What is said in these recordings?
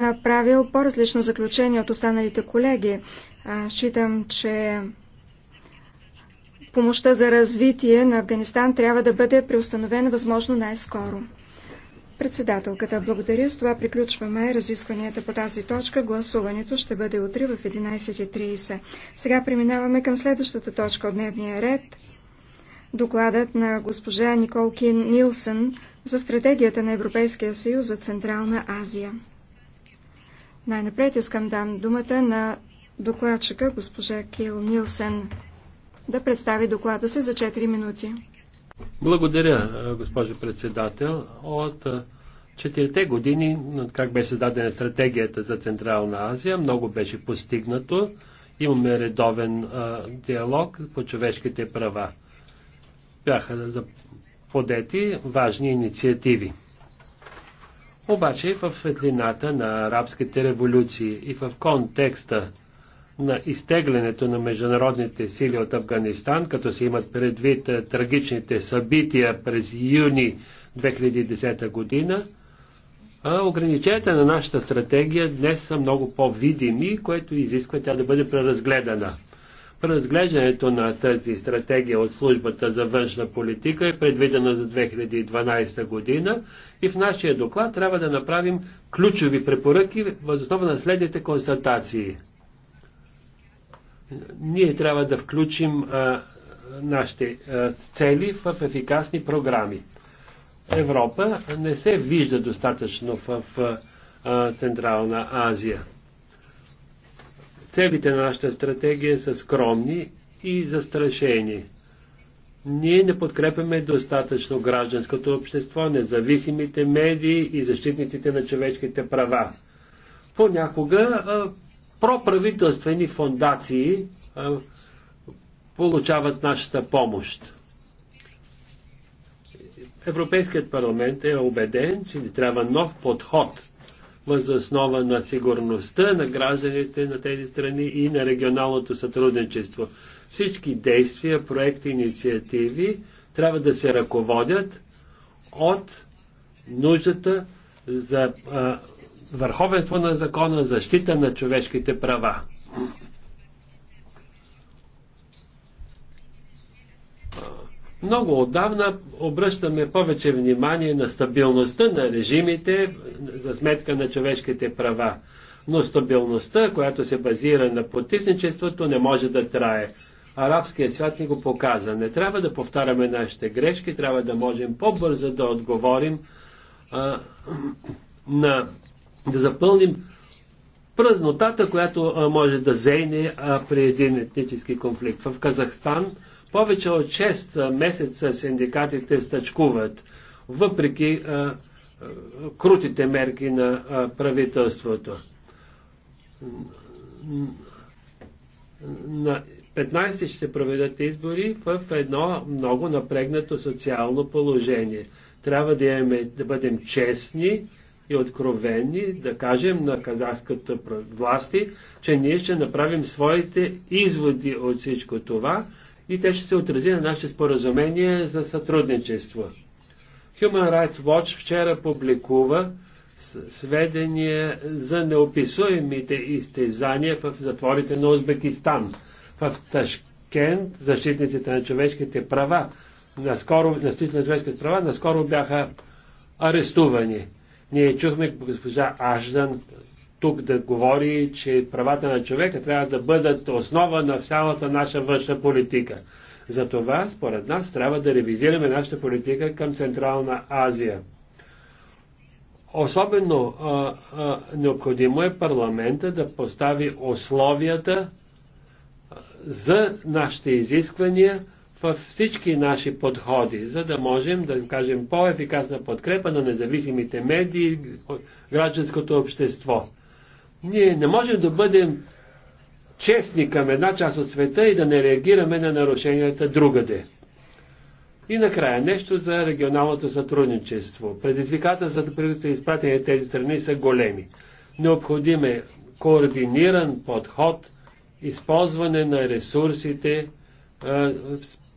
направил по-различно заключение от останалите колеги. Считам, че помощта за развитие на Афганистан трябва да бъде преустановена възможно най-скоро. Председателката, благодаря. С това приключваме разискванията по тази точка. Гласуването ще бъде утре в 11.30. Сега преминаваме към следващата точка от дневния ред. Докладът на госпожа Никол Кин Нилсън за стратегията на Европейския съюз за Централна Азия. Най-напред искам дам думата на докладчика госпожа Кил Нилсен да представи доклада си за 4 минути. Благодаря, госпожо председател. От четирите години, как беше създадена стратегията за Централна Азия, много беше постигнато. Имаме редовен а, диалог по човешките права. Бяха за подети важни инициативи. Обаче в светлината на арабските революции и в контекста на изтеглянето на международните сили от Афганистан, като се имат предвид е, трагичните събития през юни 2010 година, ограниченията на нашата стратегия днес са много по-видими, което изисква тя да бъде преразгледана. Разглеждането на тази стратегия от службата за външна политика е предвидена за 2012 година и в нашия доклад трябва да направим ключови препоръки възоснова на следните констатации. Ние трябва да включим а, нашите а, цели в ефикасни програми. Европа не се вижда достатъчно в а, Централна Азия. Целите на нашата стратегия са скромни и застрашени. Ние не подкрепяме достатъчно гражданското общество, независимите медии и защитниците на човешките права. Понякога проправителствени фондации получават нашата помощ. Европейският парламент е убеден, че ни трябва нов подход – възоснова на сигурността на гражданите на тези страни и на регионалното сътрудничество. Всички действия, проекти, инициативи трябва да се ръководят от нуждата за а, върховенство на закона, защита на човешките права. Много отдавна обръщаме повече внимание на стабилността на режимите за сметка на човешките права. Но стабилността, която се базира на потисничеството, не може да трае. Арабският свят ни го показа. Не трябва да повтаряме нашите грешки, трябва да можем по-бързо да отговорим а, на да запълним празнотата, която а, може да зейне а, при един етнически конфликт. В Казахстан повече от 6 месеца синдикатите стъчкуват, въпреки а, а, крутите мерки на а, правителството. На 15 ще се проведат избори в едно много напрегнато социално положение. Трябва да, имаме, да бъдем честни и откровени, да кажем на казахската власти, че ние ще направим своите изводи от всичко това и те ще се отрази на наше споразумение за сътрудничество. Human Rights Watch вчера публикува сведения за неописуемите изтезания в затворите на Узбекистан. В Ташкент защитниците на човешките права наскоро, на човешките права наскоро бяха арестувани. Ние чухме госпожа Аждан, тук да говори, че правата на човека трябва да бъдат основа на цялата наша външна политика. Затова, според нас, трябва да ревизираме нашата политика към Централна Азия. Особено а, а, необходимо е парламента да постави условията за нашите изисквания във всички наши подходи, за да можем да кажем по-ефикасна подкрепа на независимите медии, гражданското общество. Ние не можем да бъдем честни към една част от света и да не реагираме на нарушенията другаде. И накрая нещо за регионалното сътрудничество. Предизвикателствата, които са изпратени тези страни, са големи. Необходим е координиран подход, използване на ресурсите,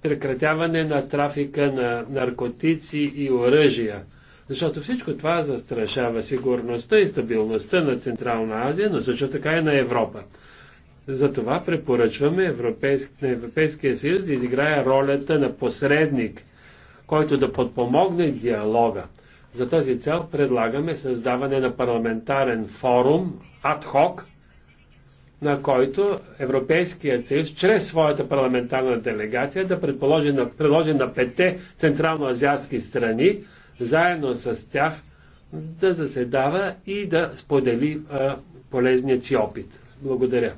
прекратяване на трафика на наркотици и оръжия. Защото всичко това застрашава сигурността и стабилността на Централна Азия, но също така и на Европа. Затова препоръчваме Европейск, на Европейския съюз да изиграе ролята на посредник, който да подпомогне диалога. За тази цел предлагаме създаване на парламентарен форум АДХОК, на който Европейският съюз, чрез своята парламентарна делегация, да предложи на, предложи на пете централноазиатски страни заедно с тях да заседава и да сподели а, полезният си опит. Благодаря.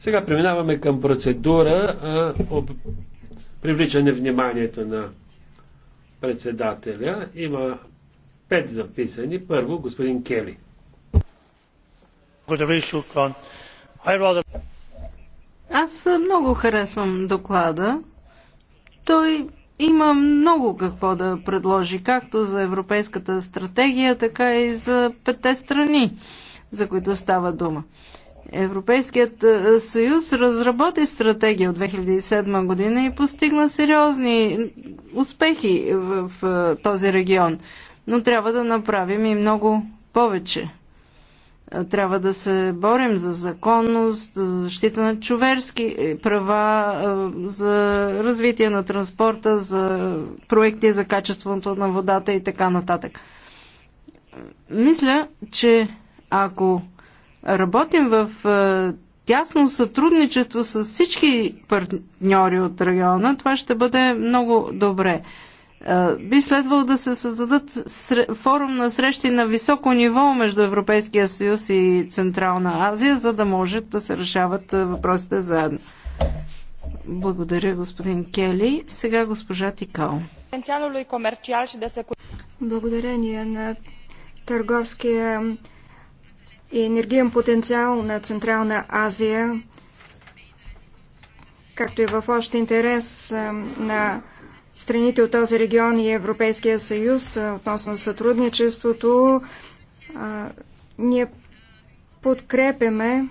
Сега преминаваме към процедура а, об... привличане вниманието на председателя. Има пет записани. Първо, господин Кели. Аз много харесвам доклада. Той има много какво да предложи, както за Европейската стратегия, така и за петте страни, за които става дума. Европейският е, съюз разработи стратегия от 2007 година и постигна сериозни успехи в е, този регион. Но трябва да направим и много повече. Трябва да се борим за законност, за защита на човешки права, за развитие на транспорта, за проекти за качеството на водата и така нататък. Мисля, че ако работим в тясно сътрудничество с всички партньори от района, това ще бъде много добре. Би следвало да се създадат форум на срещи на високо ниво между Европейския съюз и Централна Азия, за да може да се решават въпросите заедно. Благодаря, господин Кели. Сега госпожа Тикао. Благодарение на търговския и енергиен потенциал на Централна Азия, както и в общ интерес на страните от този регион и Европейския съюз относно сътрудничеството. Ние подкрепяме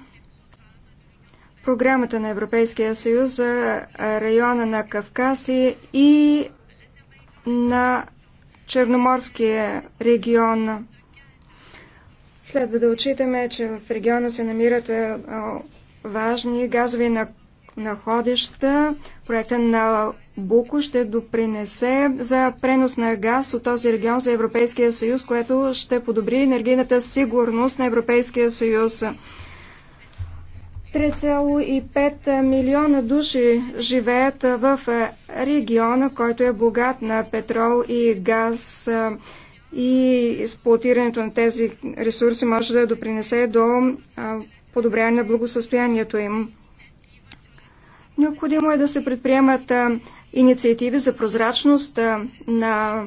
програмата на Европейския съюз за района на Кавказ и на Черноморския регион. Следва да отчитаме, че в региона се намират важни газови находища. Проекта на Буко ще допринесе за пренос на газ от този регион за Европейския съюз, което ще подобри енергийната сигурност на Европейския съюз. 3,5 милиона души живеят в региона, който е богат на петрол и газ и експлуатирането на тези ресурси може да допринесе до подобряване на благосъстоянието им. Необходимо е да се предприемат инициативи за прозрачност на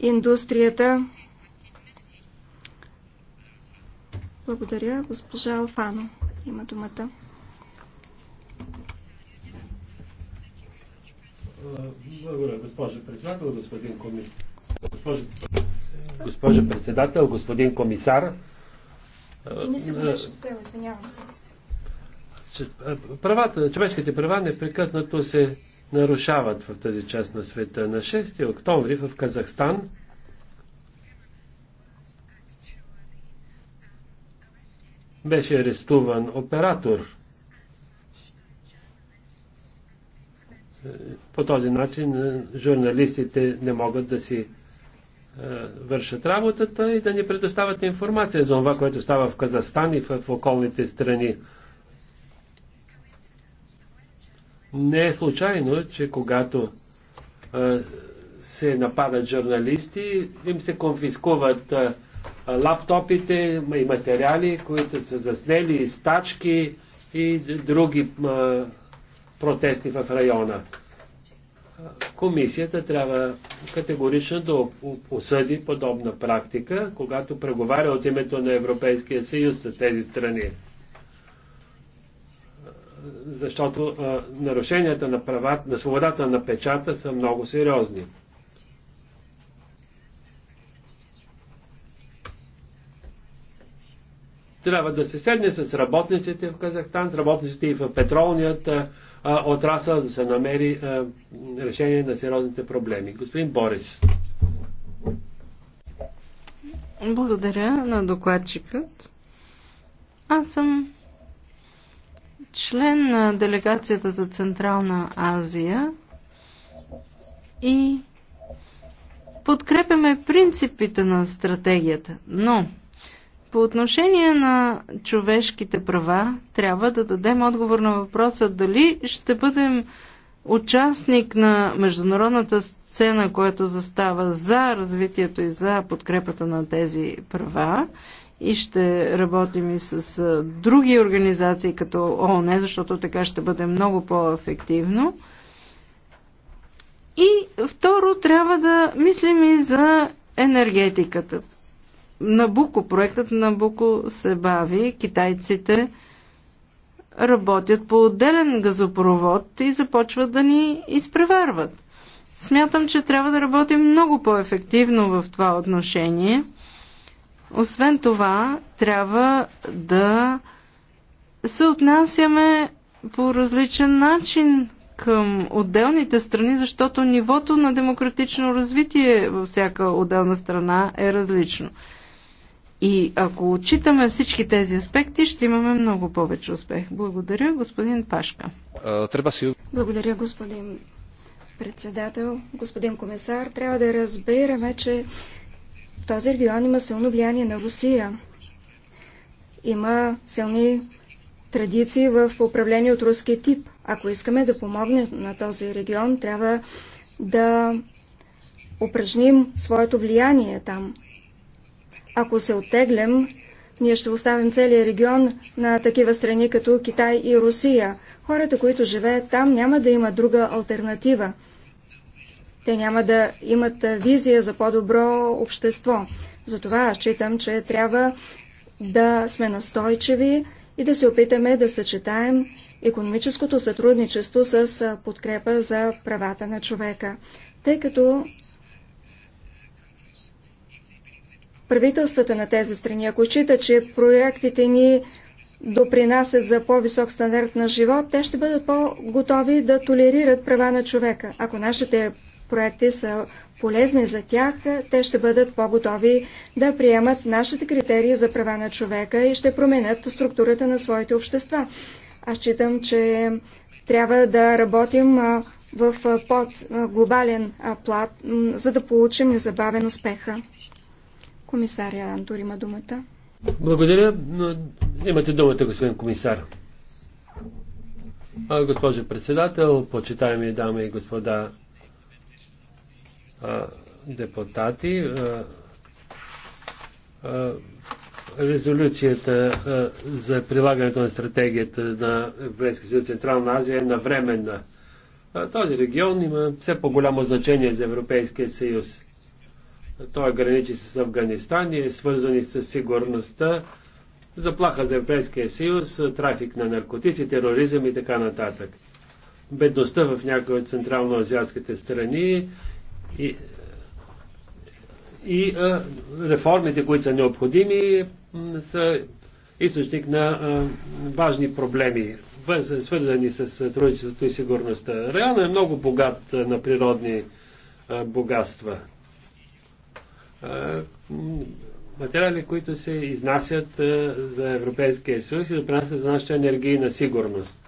индустрията. Благодаря. Госпожа Алфано има думата. Благодаря, госпожа председател, господин комисар. Госпожа, госпожа председател, господин комисар. Не се беше извинявам се правата, човешките права непрекъснато се нарушават в тази част на света. На 6 октомври в Казахстан беше арестуван оператор. По този начин журналистите не могат да си вършат работата и да ни предоставят информация за това, което става в Казахстан и в околните страни. Не е случайно, че когато се нападат журналисти, им се конфискуват лаптопите и материали, които са заснели, стачки и други протести в района. Комисията трябва категорично да осъди подобна практика, когато преговаря от името на Европейския съюз с тези страни защото а, нарушенията на правата, на свободата на печата са много сериозни. Трябва да се седне с работниците в Казахстан, с работниците и в петролният а, отрасъл, да се намери а, решение на сериозните проблеми. Господин Борис. Благодаря на докладчикът. Аз съм член на делегацията за Централна Азия и подкрепяме принципите на стратегията, но по отношение на човешките права трябва да дадем отговор на въпроса дали ще бъдем участник на международната сцена, която застава за развитието и за подкрепата на тези права и ще работим и с други организации като ООН, защото така ще бъде много по-ефективно. И второ, трябва да мислим и за енергетиката. Набуко, проектът Набуко се бави, китайците работят по отделен газопровод и започват да ни изпреварват. Смятам, че трябва да работим много по-ефективно в това отношение – освен това, трябва да се отнасяме по различен начин към отделните страни, защото нивото на демократично развитие във всяка отделна страна е различно. И ако отчитаме всички тези аспекти, ще имаме много повече успех. Благодаря, господин Пашка. Трябва си... Благодаря, господин председател, господин комисар. Трябва да разбираме, че този регион има силно влияние на Русия. Има силни традиции в управление от руски тип. Ако искаме да помогнем на този регион, трябва да упражним своето влияние там. Ако се оттеглям, ние ще оставим целия регион на такива страни като Китай и Русия. Хората, които живеят там, няма да има друга альтернатива. Те няма да имат визия за по-добро общество. Затова аз считам, че трябва да сме настойчиви и да се опитаме да съчетаем економическото сътрудничество с подкрепа за правата на човека. Тъй като правителствата на тези страни, ако считат, че проектите ни допринасят за по-висок стандарт на живот, те ще бъдат по-готови да толерират права на човека. Ако нашите проекти са полезни за тях, те ще бъдат по-готови да приемат нашите критерии за права на човека и ще променят структурата на своите общества. Аз считам, че трябва да работим в по-глобален плат, за да получим незабавен успеха. Комисаря Антур има думата. Благодаря. Имате думата, господин комисар. Госпожо председател, почитаеми дами и господа депутати. Резолюцията за прилагането на стратегията на Европейския съюз Централна Азия е навременна. Този регион има все по-голямо значение за Европейския съюз. Той граничи с Афганистан и е свързан с сигурността, заплаха за Европейския съюз, трафик на наркотици, тероризъм и така нататък бедността в някои от централноазиатските страни и, и а, реформите, които са необходими, са източник на а, важни проблеми, свързани с сътрудничеството и сигурността. Районът е много богат на природни а, богатства. А, материали, които се изнасят а, за Европейския съюз и допринасят за нашата енергийна сигурност.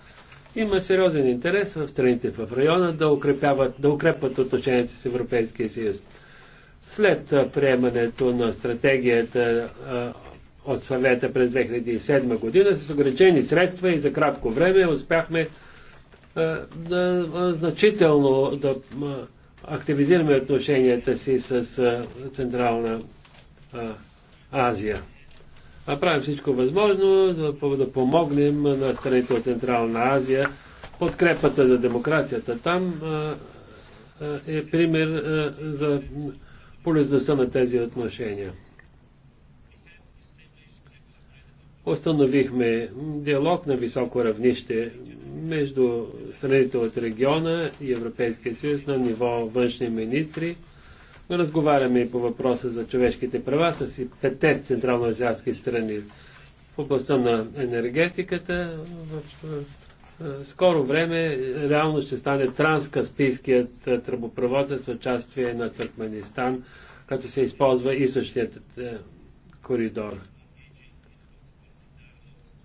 Има сериозен интерес в страните в района да, укрепяват, да укрепват отношенията с Европейския съюз. След приемането на стратегията от съвета през 2007 година, с ограничени средства и за кратко време успяхме да, значително да активизираме отношенията си с Централна Азия правим всичко възможно да, да помогнем на страните от Централна Азия. Подкрепата за демокрацията там е пример за полезността на тези отношения. Установихме диалог на високо равнище между страните от региона и Европейския съюз на ниво външни министри – Разговаряме и по въпроса за човешките права с и петте централно-азиатски страни. В областта на енергетиката в, скоро време реално ще стане транскаспийският тръбопровод с участие на Туркменистан, като се използва и същият коридор.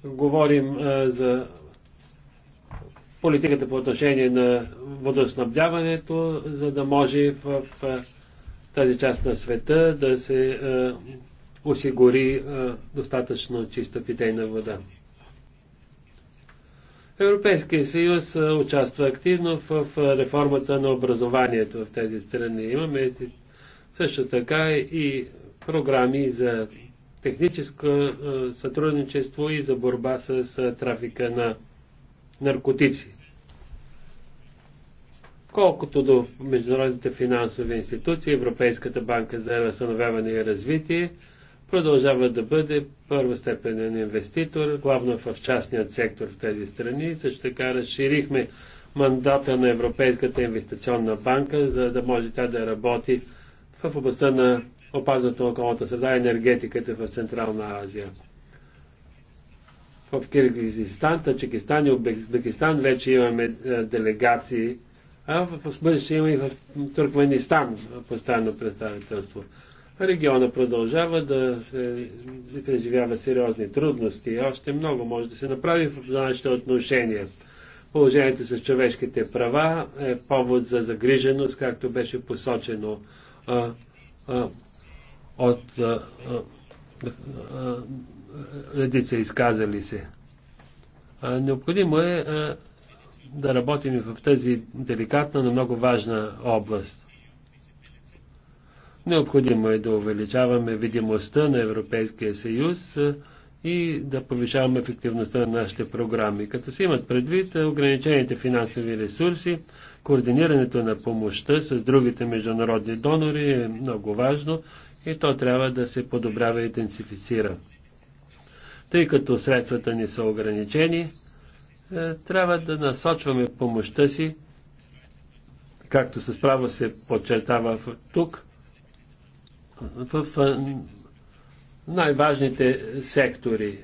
Говорим за политиката по отношение на водоснабдяването, за да може в, в тази част на света да се а, е, осигури а, е, достатъчно чиста питейна вода. Европейския съюз е, участва активно в, в реформата на образованието в тези страни. Имаме също така и програми за техническо сътрудничество и за борба с трафика на наркотици. Колкото до международните финансови институции, Европейската банка за възстановяване и развитие продължава да бъде първостепенен инвеститор, главно в частният сектор в тези страни. Също така разширихме мандата на Европейската инвестиционна банка, за да може тя да работи в областта на опазването на околната среда и енергетиката в Централна Азия. В Киргизистан, Таджикистан и Узбекистан вече имаме е, делегации а в бъдеще има и в Туркменистан постоянно представителство. Региона продължава да се преживява сериозни трудности. Още много може да се направи в нашите отношения. Положението с човешките права е повод за загриженост, както беше посочено а, а, от редица изказали се. Необходимо е да работим в тази деликатна, но много важна област. Необходимо е да увеличаваме видимостта на Европейския съюз и да повишаваме ефективността на нашите програми. Като се имат предвид ограничените финансови ресурси, координирането на помощта с другите международни донори е много важно и то трябва да се подобрява и интенсифицира. Тъй като средствата ни са ограничени, е, трябва да насочваме помощта си, както с право се подчертава тук, в е, най-важните сектори. Е,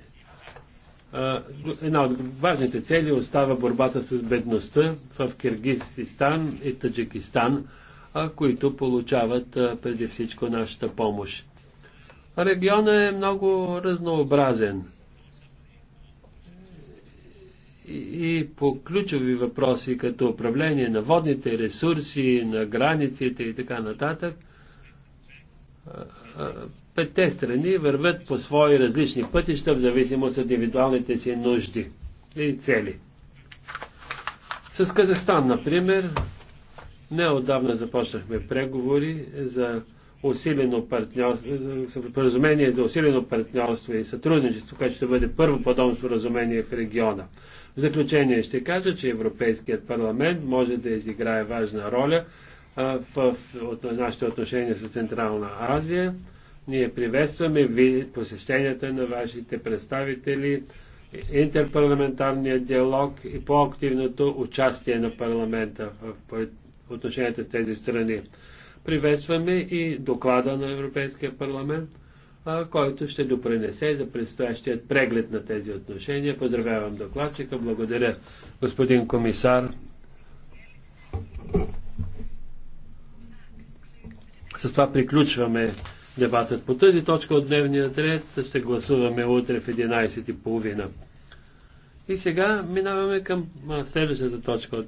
една от важните цели остава борбата с бедността в Киргизистан и Таджикистан, които получават преди всичко нашата помощ. Региона е много разнообразен – и по ключови въпроси, като управление на водните ресурси, на границите и така нататък, петте страни върват по свои различни пътища в зависимост от индивидуалните си нужди и цели. С Казахстан, например, неодавна започнахме преговори за усилено партньорство, споразумение за усилено партньорство и сътрудничество, което ще бъде първо подобно споразумение в региона. В заключение ще кажа, че Европейският парламент може да изиграе важна роля в, нашите отношения с Централна Азия. Ние приветстваме ви посещенията на вашите представители, интерпарламентарния диалог и по-активното участие на парламента в, в отношенията с тези страни. Приветстваме и доклада на Европейския парламент който ще допренесе за предстоящият преглед на тези отношения. Поздравявам докладчика, благодаря господин комисар. С това приключваме дебатът по тази точка от дневния ред. Ще гласуваме утре в 11.30. И сега минаваме към следващата точка от